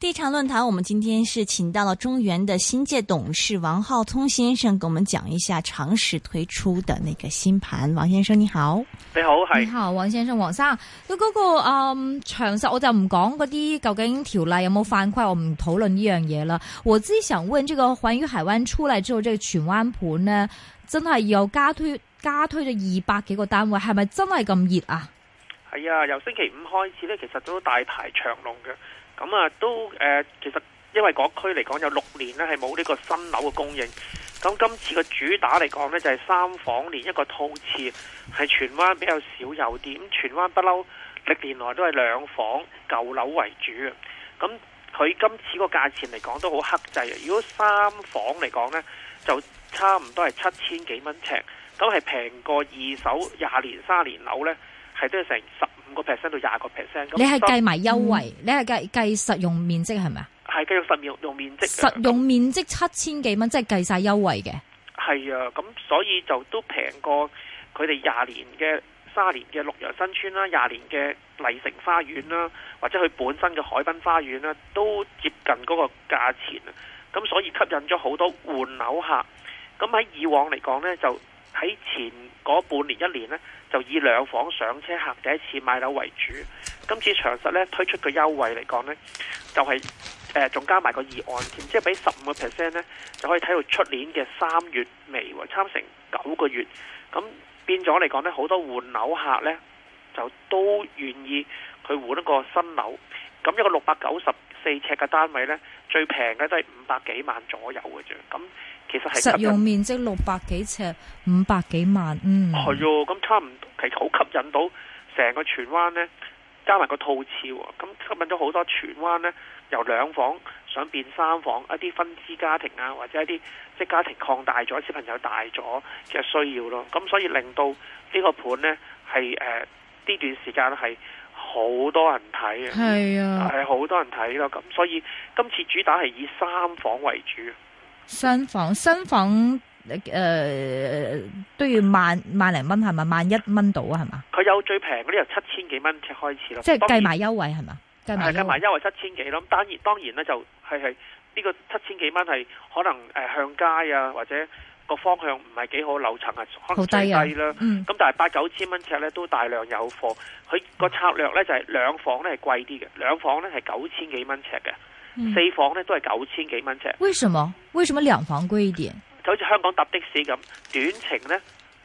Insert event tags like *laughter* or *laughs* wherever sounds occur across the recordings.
地產論壇，我們今天是請到了中原的新界董事王浩聰先生，給我們講一下長實推出的那個新盤。王先生你好，你好係。你好，王先生，王生，那嗰個嗯長實，我就唔講嗰啲究竟條例有冇犯規，我唔討論呢樣嘢啦。我自己想問，這個環宇海灣出來之後，這個荃灣盤呢，真係有加推加推咗二百幾個單位，係咪真係咁熱啊？係啊，由星期五開始呢，其實都大排長龍嘅。咁、嗯、啊，都誒、呃，其實因為嗰區嚟講有六年咧係冇呢個新樓嘅供應。咁今次個主打嚟講咧就係、是、三房連一個套廁，係荃灣比較少有啲荃灣不嬲歷年來都係兩房舊樓為主。咁佢今次個價錢嚟講都好克制，如果三房嚟講咧就差唔多係七千幾蚊尺，咁係平過二手廿年、三年樓咧，係都係成十。五個 percent 到廿個 percent，你係計埋優惠，嗯、你係計計實用面積係咪啊？係計實用面積。實用面積七千幾蚊，即係計晒優惠嘅。係啊，咁所以就都平過佢哋廿年嘅、卅年嘅綠楊新村啦，廿年嘅麗城花園啦，或者佢本身嘅海濱花園啦，都接近嗰個價錢啊。咁所以吸引咗好多換樓客。咁喺以往嚟講咧，就喺前嗰半年一年呢，就以兩房上車客第一次買樓為主。今次長實咧推出嘅優惠嚟講呢，就係誒，仲加埋個議案，即係俾十五個 percent 咧，就可以睇到出年嘅三月尾喎，差唔成九個月。咁變咗嚟講呢，好多換樓客呢就都願意去換一個新樓。咁一個六百九十四尺嘅單位呢。最平嘅都係五百幾萬左右嘅啫，咁其實係實用面積六百幾尺，五百幾萬，嗯，係喎、哦，咁差唔多。其實好吸引到成個荃灣呢，加埋個套廁喎，咁吸引咗好多荃灣呢，由兩房想變三房，一啲分支家庭啊，或者一啲即係家庭擴大咗，小朋友大咗嘅需要咯，咁所以令到呢個盤呢，係誒呢段時間係。好多人睇啊，係啊，係好多人睇咯。咁所以今次主打係以三房為主。三房，三房誒、呃、都要萬萬零蚊係咪？萬一蚊到啊係嘛。佢有最平嗰啲由七千幾蚊只開始咯。即係計埋優惠係嘛？計埋優惠七千幾咯。當然、啊、當然咧就係係呢個七千幾蚊係可能誒、呃、向街啊或者。個方向唔係幾好，樓層係好低啦。咁、啊嗯、但係八九千蚊尺咧都大量有貨，佢個策略咧就係兩房咧係貴啲嘅，兩房咧係九千幾蚊尺嘅，四房咧都係九千幾蚊尺。為什麼？為什麼兩房貴一點？就好似香港搭的士咁，短程呢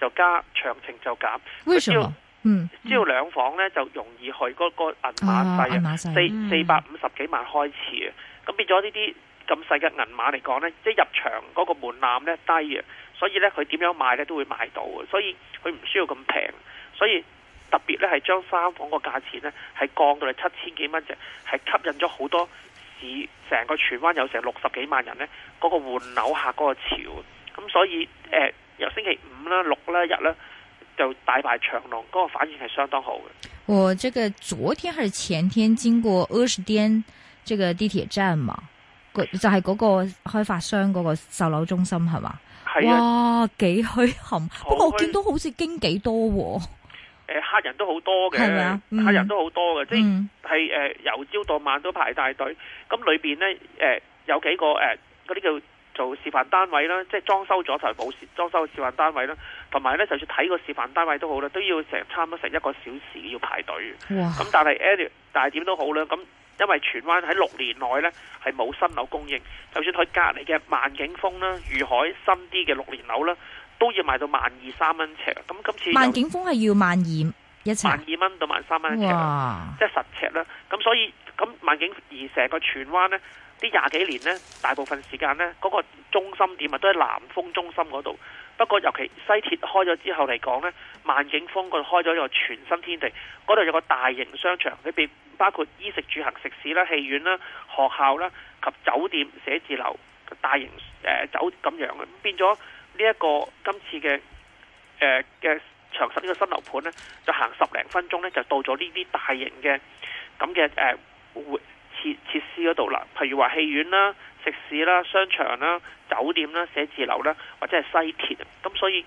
就加，長程就減。為什麼？嗯，只要兩房咧就容易去嗰、嗯那個銀碼費啊，四四百五十幾萬開始啊，咁變咗呢啲。咁細嘅銀碼嚟講呢，即係入場嗰個門檻呢低嘅，所以呢，佢點樣買呢都會買到嘅，所以佢唔需要咁平。所以特別呢係將三房個價錢呢係降到嚟七千幾蚊呎，係吸引咗好多市成個荃灣有成六十幾萬人呢嗰、那個換樓客嗰個潮。咁所以誒、呃、由星期五啦、六啦、日呢，就大排長龍，嗰、那個反應係相當好嘅。我、哦、這個昨天還是前天經過柯士甸這個地鐵站嘛？就係、是、嗰個開發商嗰個售樓中心係嘛、啊？哇，幾墟冚！不過我見到好似經紀多、哦，誒、呃，客人都好多嘅、嗯，客人都好多嘅，即係誒、嗯呃、由朝到晚都排大隊。咁裏邊呢，誒、呃、有幾個誒嗰啲叫做示範單位啦，即係裝修咗同埋冇裝修示範單位啦。同埋呢，就算睇個示範單位都好啦，都要成差唔多成一個小時要排隊。哇、啊！咁、嗯、但係 Andy，但係點都好啦，咁。因為荃灣喺六年內呢係冇新樓供應，就算佢隔籬嘅萬景峰啦、愉海深啲嘅六年樓啦，都要賣到萬二三蚊尺。咁今次萬景峰係要萬二一尺，萬二蚊到萬三蚊尺，即係十尺啦。咁所以咁萬景而成個荃灣呢，呢廿幾年呢，大部分時間呢，嗰、嗰個中心點啊都喺南豐中心嗰度。不過尤其西鐵開咗之後嚟講呢。萬景峰嗰度開咗一個全新天地，嗰度有個大型商場，裏邊包括衣食住行、食肆啦、戲院啦、學校啦及酒店、寫字樓、大型誒、呃、酒咁樣嘅，變咗呢一個今次嘅誒嘅長實呢、這個新樓盤咧，就行十零分鐘呢就到咗呢啲大型嘅咁嘅誒設設施嗰度啦，譬如話戲院啦、食肆啦、商場啦、酒店啦、寫字樓啦或者係西鐵，咁所以。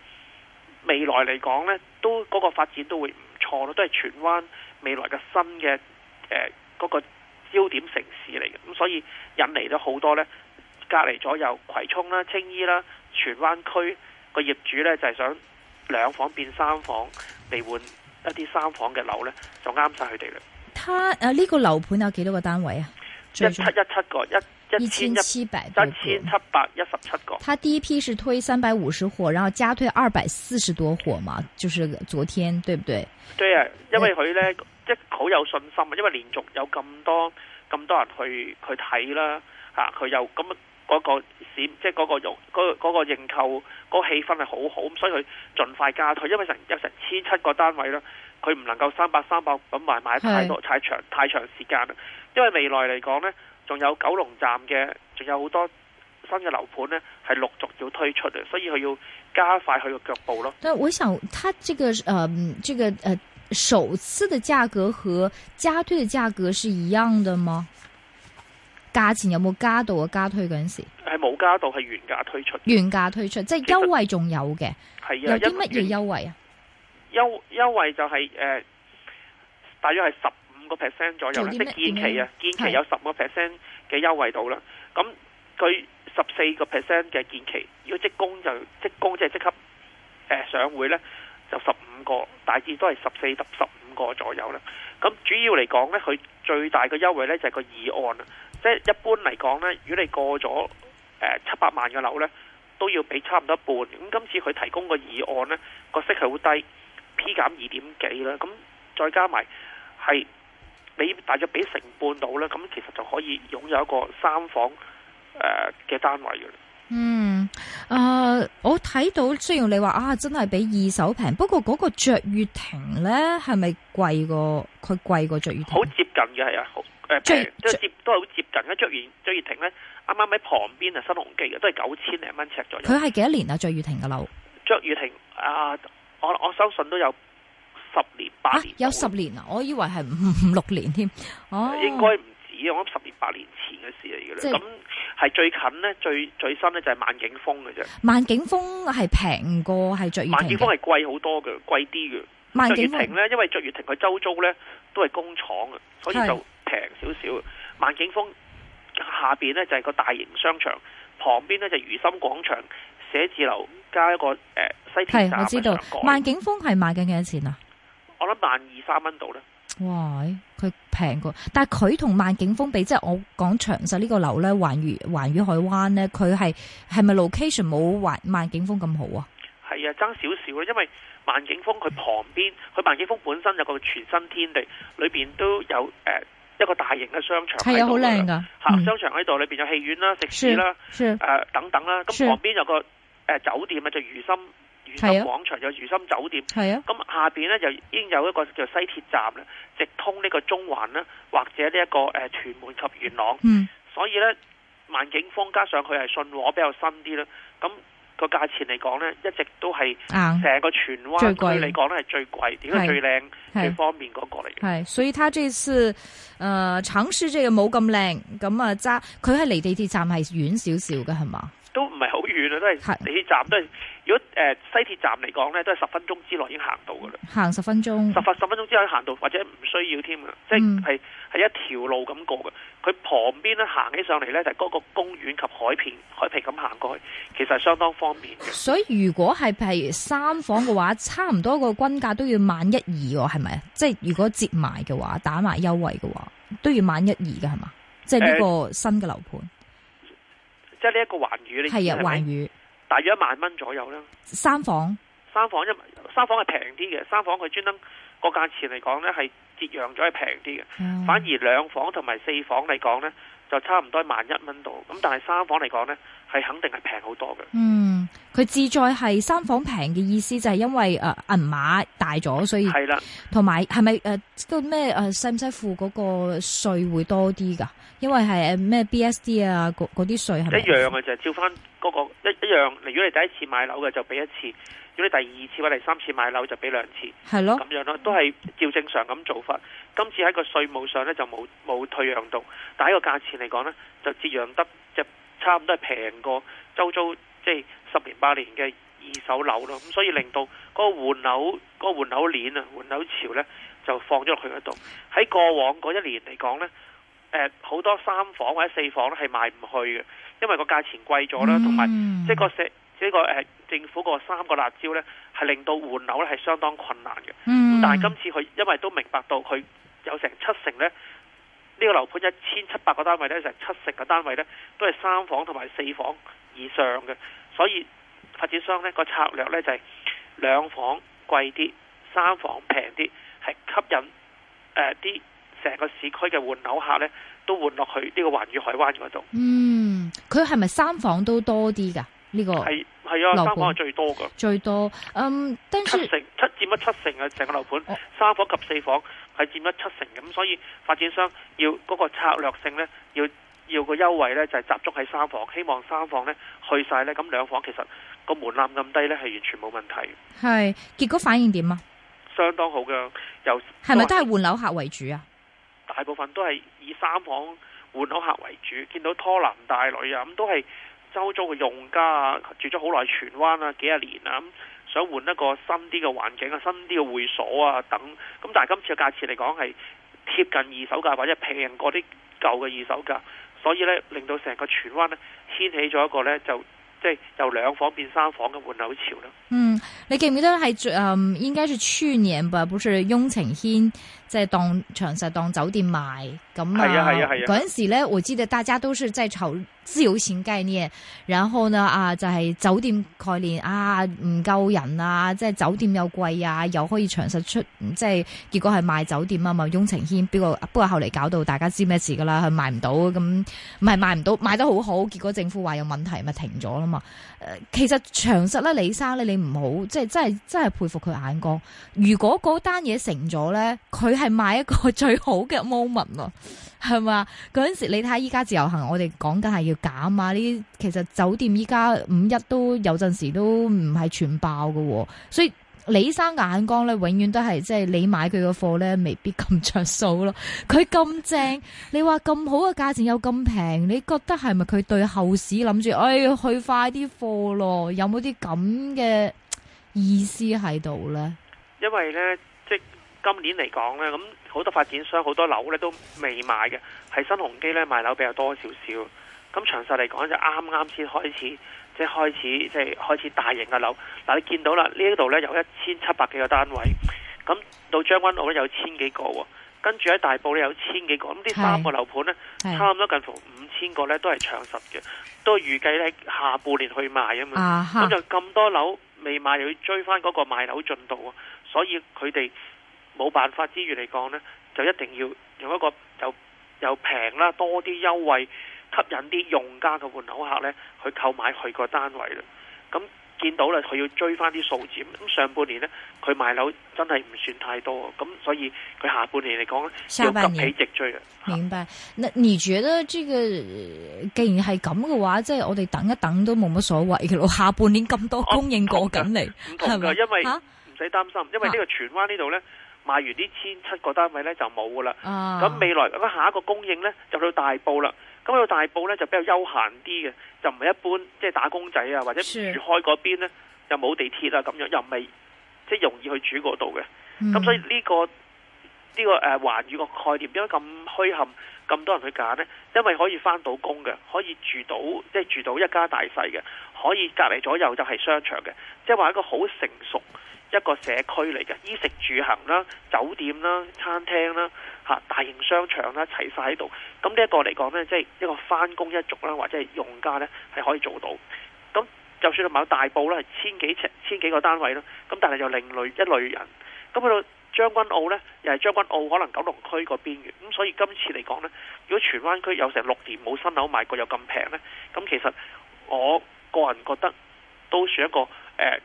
未來嚟講呢都嗰個發展都會唔錯咯，都係荃灣未來嘅新嘅誒嗰個焦點城市嚟嘅，咁所以引嚟咗好多呢隔離左右葵涌啦、青衣啦、荃灣區個業主呢，就係想兩房變三房嚟換一啲三房嘅樓呢，就啱晒佢哋啦。呢、啊呢個樓盤有幾多個單位啊？一七一七個一。一千七百一千七百一十七個，他第一批是推三百五十伙，然後加推二百四十多伙嘛，就是昨天，對不對？對啊，因為佢呢，即係好有信心啊，因為連續有咁多咁多人去去睇啦，吓佢又咁嗰個市，即係嗰個用嗰嗰個認購嗰，那個，氣氛係好好，所以佢盡快加推，因為成一成千七個單位啦，佢唔能夠三百三百咁埋買太多太長太長時間啦，因為未來嚟講呢。仲有九龍站嘅，仲有好多新嘅樓盤咧，係陸續要推出嘅，所以佢要加快佢嘅腳步咯。但係，我想，他這個，呃，這個，呃，首次的價格和加推的價格是一樣的嗎？價錢有冇加到啊？加推嗰陣時係冇加到，係原價推出，原價推出，即係優惠仲有嘅。係啊，有啲乜嘢優惠啊？優優，優惠就係，是，誒、呃，大約係十。個 percent 左右，即係建期啊，建期有十個 percent 嘅優惠到啦。咁佢十四個 percent 嘅建期，如果職工就職工即係即刻誒、呃、上會咧，就十五個，大致都係十四到十五個左右啦。咁主要嚟講咧，佢最大嘅優惠咧就係個二按啊，即、就、係、是、一般嚟講咧，如果你過咗誒七百萬嘅樓咧，都要俾差唔多一半。咁今次佢提供個二按咧，個息係好低，P 減二點幾啦。咁再加埋係。你大約俾成半度啦，咁其實就可以擁有一個三房誒嘅單位嘅。嗯，誒、呃，我睇到雖然你話啊，真係比二手平，不過嗰個爵悅庭咧係咪貴過？佢貴過爵悅庭？好接近嘅，係啊，誒，即係即係接都係好接近嘅。爵悅爵悅庭咧，啱啱喺旁邊啊，新鴻基嘅都係九千零蚊尺左右。佢係幾多年啊？爵悅庭嘅樓？爵悅庭啊，我我相信都有。十年八年、啊、有十年啊！我以為係五六年添，哦，應該唔止，啊，我諗十年八年前嘅事嚟嘅啦。咁、就、係、是、最近呢，最最新呢就係萬景峰嘅啫。萬景峰係平過係卓越庭，萬景峰係貴好多嘅，貴啲嘅。卓越庭呢，因為卓越庭佢周遭呢都係工廠，所以就平少少。萬景峰下邊呢就係個大型商場，旁邊呢就係如心廣場寫字樓加一個誒、呃、西鐵站，我知道，就是、萬景峰係賣緊幾多錢啊？我諗萬二三蚊度咧，哇！佢平過，但係佢同萬景峰比，即係我講長壽呢個樓咧，環宇環宇海灣咧，佢係係咪 location 冇環萬景峰咁好啊？係啊，爭少少咯，因為萬景峰佢旁邊，佢萬景峰本身有個全新天地，裏邊都有誒一個大型嘅商場喺度，係啊好靚噶，吓商場喺度，裏邊有戲院啦、食肆啦、誒、呃、等等啦，咁旁邊有個誒酒店啊，就如心。裕廣場、啊、有如心酒店，咁、啊、下邊咧就已經有一個叫西鐵站直通呢個中環啦，或者呢、這、一個誒、呃、屯門及元朗。嗯、所以咧，萬景峰加上佢係信和比較新啲啦。咁、那個價錢嚟講咧，一直都係成個荃灣佢嚟講咧係最貴，點解最靚最方便嗰個嚟嘅。係所以，他這次誒，城市即係冇咁靚，咁啊，揸佢係離地鐵站係遠少少嘅，係嘛？都唔係好遠啊，都係地鐵站都係。是如果誒、呃、西鐵站嚟講咧，都係十分鐘之內已經行到噶啦，行十分鐘，十十十分鐘之內行到，或者唔需要添嘅，即係係、嗯、一條路咁過嘅。佢旁邊咧行起上嚟咧，就嗰、係、個公園及海片海皮咁行過去，其實相當方便。所以如果係譬如三房嘅話， *laughs* 差唔多個均價都要萬一二喎，係咪啊？即係如果折埋嘅話，打埋優惠嘅話，都要萬一二嘅係嘛？即係呢個新嘅樓盤，呃、即係呢一個環宇咧，係係係啊環宇。大約一萬蚊左右啦，三房三房一三房係平啲嘅，三房佢專登個價錢嚟講呢係折讓咗係平啲嘅，反而兩房同埋四房嚟講呢就差唔多一萬一蚊度，咁但係三房嚟講呢係肯定係平好多嘅。嗯佢自在係三房平嘅意思就係因為誒銀碼大咗，所以係啦。同埋係咪誒咩誒，使唔使付嗰個稅會多啲噶？因為係誒咩 B S D 啊嗰啲稅係咪一樣嘅？就照翻嗰個一一樣。如果你第一次買樓嘅就俾一次，如果你第二次或者第三次買樓就俾兩次，係咯咁樣咯，都係照正常咁做法。今次喺個稅務上咧就冇冇退讓度，但係個價錢嚟講咧就折讓得就差唔多係平過周租。即係十年八年嘅二手樓咯，咁所以令到嗰個換樓、嗰、嗰個換樓鏈啊、換樓潮呢就放咗落去嗰度。喺過往嗰一年嚟講呢，呃、好多三房或者四房咧係賣唔去嘅，因為個價錢貴咗啦，同、mm-hmm. 埋即係個社，個政府個三個辣招呢係令到換樓咧係相當困難嘅。Mm-hmm. 但係今次佢因為都明白到佢有成七成呢。呢個樓盤一千七百個單位咧，成七成嘅單位咧都係三房同埋四房以上嘅，所以發展商咧個策略咧就係兩房貴啲，三房平啲，係吸引誒啲成個市區嘅換樓客咧都換落去呢個環宇海灣嗰度。嗯，佢係咪三房都多啲㗎？呢個係。係啊，三房係最多噶，最多。嗯，丁叔七成七，佔咗七成嘅成個樓盤，三房及四房係佔咗七成嘅，咁所以發展商要嗰個策略性呢，要要個優惠呢，就係集中喺三房，希望三房呢去晒呢，咁兩房其實個門檻咁低呢，係完全冇問題。係結果反應點啊？相當好嘅，又係咪都係換樓客為主啊？大部分都係以三房換樓客為主，見到拖男帶女啊，咁都係。周遭嘅用家啊，住咗好耐荃灣啊，幾十年啊，咁想換一個新啲嘅環境啊，新啲嘅會所啊等，咁但係今次嘅價錢嚟講係貼近二手價或者平過啲舊嘅二手價，所以咧令到成個荃灣咧掀起咗一個咧就即係、就是、由兩房變三房嘅換樓潮、啊、嗯，你記唔記得係誒、嗯，應該係去年吧，唔係雍晴軒。即、就、係、是、當長實當酒店賣咁啊！嗰陣、啊啊啊、時咧，我知大家都是在炒自由行概念，然後呢啊就係、是、酒店概念啊唔夠人啊，即、就、係、是、酒店又貴啊，又可以長實出，即、嗯、係、就是、結果係賣酒店啊嘛，雍澄軒，不過不過後嚟搞到大家知咩事噶啦，佢賣唔到咁，唔係賣唔到，賣得好好，結果政府話有問題咪停咗啦嘛。誒、呃，其實長實咧，李生咧，你唔好即係真係真係佩服佢眼光。如果嗰單嘢成咗咧，佢。係買一個最好嘅 moment 咯，係嘛？嗰陣時你睇下依家自由行，我哋講緊係要減啊！呢啲其實酒店依家五一都有陣時都唔係全爆嘅，所以李生眼光咧，永遠都係即係你買佢嘅貨咧，未必咁着數咯。佢咁正，你話咁好嘅價錢有咁平，你覺得係咪佢對後市諗住？哎，去快啲貨咯，有冇啲咁嘅意思喺度咧？因為咧。今年嚟講呢，咁好多發展商好多樓呢都未買嘅，係新鴻基呢賣樓比較多少少。咁長實嚟講就啱啱先開始，即係開始，即係開始大型嘅樓。嗱，你見到啦，呢一度呢有一千七百幾個單位，咁到將軍澳呢，有千幾個喎，跟住喺大埔呢，有千幾個。咁呢三個樓盤呢，差唔多近乎五千個呢，都係長實嘅，都預計呢下半年去賣啊嘛。咁就咁多樓未買又要追翻嗰個賣樓進度啊，所以佢哋。冇辦法之餘嚟講呢就一定要用一個又又平啦，多啲優惠吸引啲用家嘅換樓客呢去購買佢個單位啦。咁見到啦，佢要追翻啲數字。咁上半年呢，佢賣樓真係唔算太多，咁所以佢下半年嚟講呢要急起直追，明白？你覺得這個、既然係咁嘅話，即係我哋等一等都冇乜所謂嘅咯。下半年咁多供應過緊嚟，唔同噶，因為唔使、啊、擔心，因為呢個荃灣呢度呢。賣完呢千七個單位呢，就冇噶啦，咁未來咁下一個供應呢就去到大埔啦，咁去到大埔呢，就比較休閒啲嘅，就唔係一般即係、就是、打工仔啊或者住開嗰邊呢，就沒有地鐵啊、又冇地鐵啊咁樣又未即係容易去住嗰度嘅，咁、嗯、所以呢、這個呢、這個環宇個概念點解咁墟冚咁多人去揀呢？因為可以返到工嘅，可以住到即係、就是、住到一家大細嘅，可以隔籬左右就係商場嘅，即係話一個好成熟。一個社區嚟嘅，衣食住行啦、酒店啦、餐廳啦、嚇大型商場啦，齊晒喺度。咁呢、就是、一個嚟講呢，即係一個返工一族啦，或者係用家呢，係可以做到。咁就算係買大埔啦，千幾尺、千幾個單位啦，咁但係又另類一類人。咁去到將軍澳呢，又係將軍澳，可能九龍區嗰邊緣。咁所以今次嚟講呢，如果荃灣區有成六年冇新樓買過又咁平呢。咁其實我個人覺得都算一個誒。呃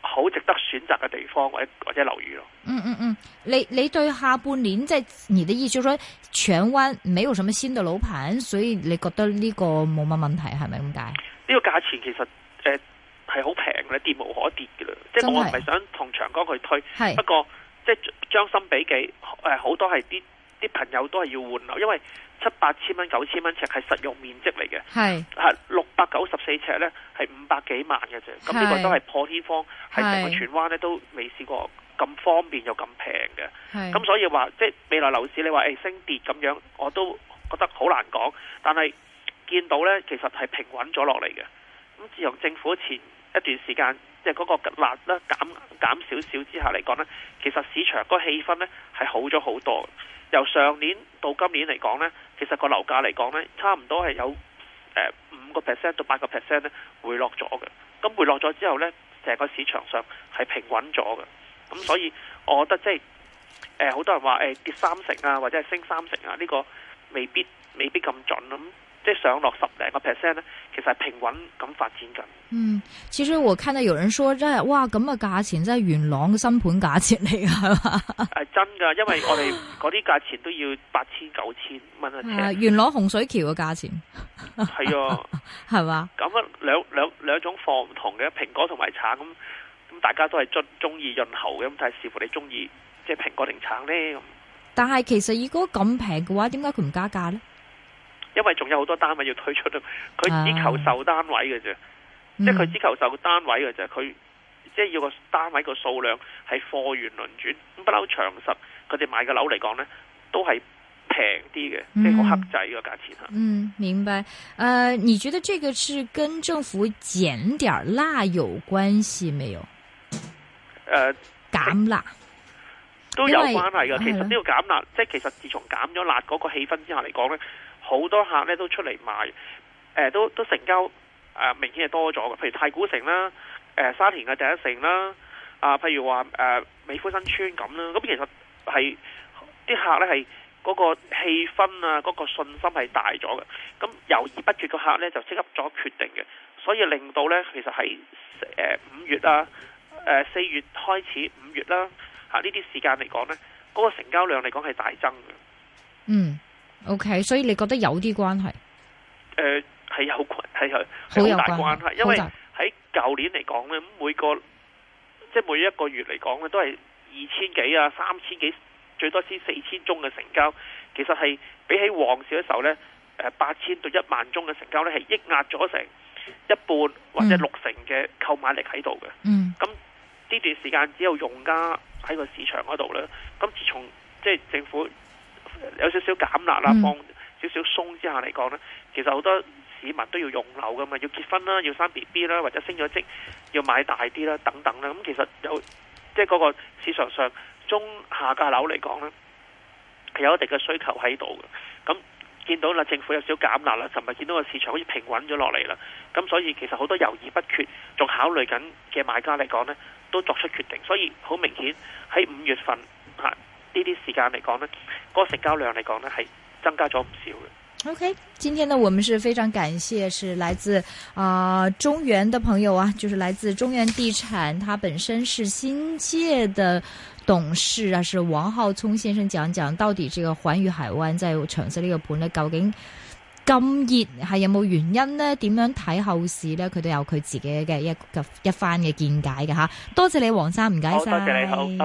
好值得選擇嘅地方，或者或者樓宇咯。嗯嗯嗯，你你對下半年即係、就是、你的意思，就係荃灣沒有什麼新的樓盤，所以你覺得呢個冇乜問題，係咪咁解？呢、這個價錢其實誒係好平嘅，跌無可跌嘅啦。即係我唔係想同長江去推，係不過即係將心比己，誒好多係啲。啲朋友都係要換樓，因為七八千蚊，九千蚊尺係實用面積嚟嘅，係係六百九十四尺呢係五百幾萬嘅啫。咁呢個都係破天荒，係成個荃灣呢都未試過咁方便又咁平嘅。咁所以話即係未來樓市你說，你話誒升跌咁樣，我都覺得好難講。但係見到呢，其實係平穩咗落嚟嘅。咁自從政府前一段時間即係嗰個辣咧減減少少之後嚟講呢，其實市場個氣氛呢係好咗好多。由上年到今年嚟講呢，其實個樓價嚟講呢，差唔多係有誒五個 percent 到八個 percent 呢回落咗嘅。咁回落咗之後呢，成個市場上係平穩咗嘅。咁所以我覺得即係好多人話誒跌三成啊，或者係升三成啊，呢個未必未必咁準咁啊。即上落十零個 percent 咧，其實係平穩咁發展緊。嗯，其實我看到有人說，這真係哇咁嘅價錢，真係元朗嘅新盤價錢嚟噶，係嘛？係真噶，因為我哋嗰啲價錢都要八千九千蚊一尺。元朗洪水橋嘅價錢係啊，係 *laughs* 嘛是的？咁 *laughs* 啊，兩兩兩種貨唔同嘅，蘋果同埋橙咁，咁大家都係中中意潤喉嘅，咁但係視乎你中意即係蘋果定橙咧。咁但係其實如果咁平嘅話，點解佢唔加價咧？因為仲有好多單位要推出咯，佢只求售單位嘅啫、啊，即係佢只求售單位嘅啫，佢、嗯、即係要個單位個數量係貨源輪轉，不嬲長實，佢哋買嘅樓嚟講咧都係平啲嘅，即係好克制呢個價錢吓。嗯，明白。誒、呃，你覺得這個是跟政府減點辣有關係沒有？誒、呃，減辣都有關係噶。其實呢個減辣，啊、即係其實自從減咗辣嗰個氣氛之下嚟講咧。好多客咧都出嚟賣，誒、呃、都都成交誒、呃、明顯係多咗嘅，譬如太古城啦、誒、呃、沙田嘅第一城啦、啊、呃、譬如話誒、呃、美孚新村咁啦，咁其實係啲客咧係嗰個氣氛啊、嗰、那個信心係大咗嘅。咁猶豫不決嘅客咧就即刻咗決定嘅，所以令到咧其實係誒五月啊、誒、呃、四月開始五月啦，嚇呢啲時間嚟講咧，嗰、那個成交量嚟講係大增嘅。嗯。O、okay, K，所以你覺得有啲關係？誒、呃，係有係係好大關係，因為喺舊年嚟講咧，每個即係每一個月嚟講咧，都係二千幾啊，三千幾，最多先四千宗嘅成交。其實係比起旺市嘅時候咧，誒八千到一萬宗嘅成交咧，係抑壓咗成一半或者六成嘅購買力喺度嘅。嗯，咁呢段時間只有用家喺個市場嗰度咧。咁自從即係政府。有少少減壓啦，放少少鬆之下嚟講呢，其實好多市民都要用樓噶嘛，要結婚啦，要生 B B 啦，或者升咗職，要買大啲啦，等等啦。咁、嗯、其實有即係嗰個市場上中下價樓嚟講呢，是有一定嘅需求喺度嘅。咁、嗯、見到啦，政府有少減壓啦，尋日見到個市場好似平穩咗落嚟啦。咁、嗯、所以其實好多猶豫不決，仲考慮緊嘅買家嚟講呢，都作出決定。所以好明顯喺五月份嚇。嗯呢啲時間嚟講呢，嗰、那個、成交量嚟講呢，係增加咗唔少嘅。O、okay, K，今天呢，我們是非常感謝是來自啊、呃、中原的朋友啊，就是來自中原地產，他本身是新界的董事啊，是王浩聰先生，講講到底呢個環宇海灣即係長實呢個盤呢，究竟咁熱係有冇原因呢？點樣睇後市呢？佢都有佢自己嘅一一一番嘅見解嘅吓。多謝你，王生，唔該